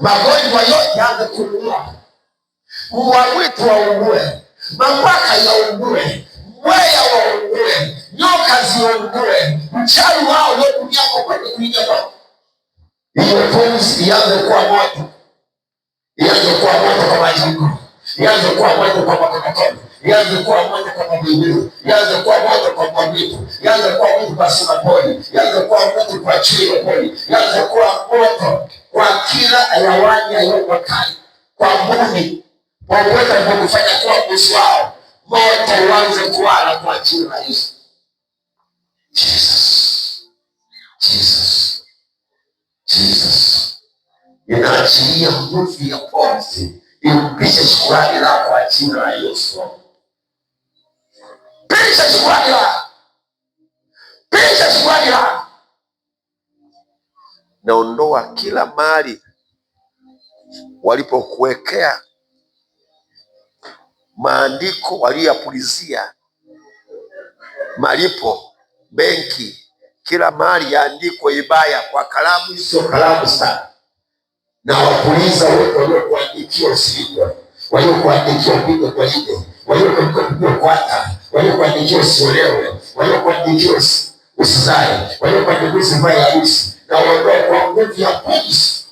magonjwa yote yaanze kupungua, uwawiti waungue, mabwaka yaungue, mbweya waungue, nyoka ziungue, mchawi wao uliotumia kwenye kuingia kwao, hiyo pumzi ianze kuwa moto, ianze kuwa moto kwa majiko, ianze kuwa moto kwa makonokono, ianze kuwa moto kwa mabibiu, ianze kuwa moto kwa mwabitu, ianze kuwa moto kwa simapoli, ianze kuwa moto kwa chilopoli, ianze kuwa moto majira ayawanya yao makali kwa mbuni wakuweka kufanya kuwa wao moto wanze kuwala kwa jina la Yesu. Jesus, Jesus, Jesus, inaachilia nguvu ya pozi impishe shukurani lako kwa jina la Yesu. Pisha shukurani lako, pisha shukurani lako naondoa kila mahali walipokuwekea maandiko waliyapulizia malipo, benki, kila mahali yaandikwe ibaya kwa kalamu isiyo kalamu sana, na wapuliza wote waliokuandikia usilindwe, waliokuandikia pigo kwa jiwe, waliokuandikia kwata, waliokuandikia usiolewe, waliokuandikia usizae, waliokuandikia usivae harusi na waondoe viongozi ya POPs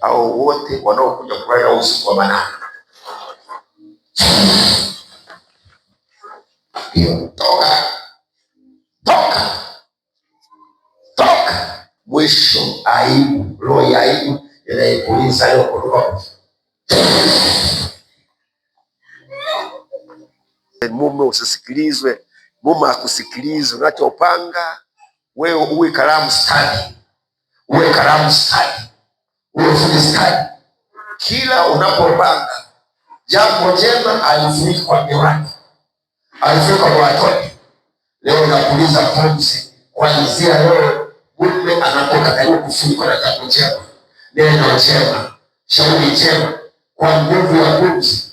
au wote wanaokuja kulala usiku wa manane. toka toka toka, mwisho aibu, roho ya aibu inayokuliza leo kutoka mume usisikilizwe. Mungu akusikilize unachopanga wewe, uwe kalamu stadi, uwe kalamu stadi, uwe fundi stadi. Kila unapopanga jambo jema, alifuniki kwa mke wake, kwa watoto. Leo nakuuliza pumzi, kuanzia leo mume anapoka kwa kufunikwa na jambo jema, neno jema, shauri jema, kwa nguvu ya pumzi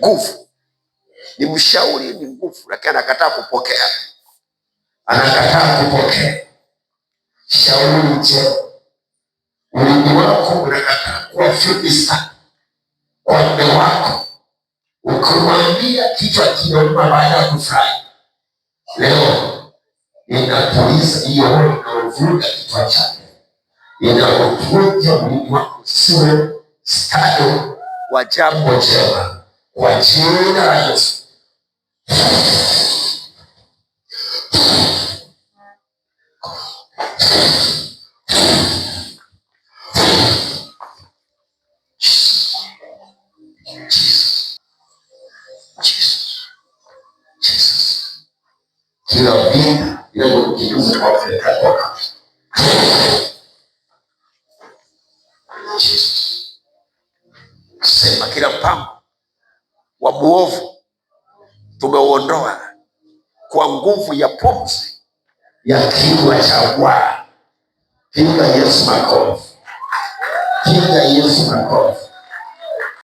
nguvu, ni mshauri, ni nguvu, lakini anakataa kupokea, anakataa kupokea shauri je Ulimi wako unakataa kuwa fupi sana kwa mume wako, ukimwambia kichwa kinauma baada ya kufurahi. Leo inatuliza hiyo roho kichwa chake, inayovuja ulimi wako siwe stado wa jambo jema kwa jina la Yesu. Kila vita inayokukimbia kwa kutoka wa muovu tumeuondoa kwa nguvu ya pumzi ya kinywa cha Bwana. Piga Yesu makofi! Piga Yesu makofi!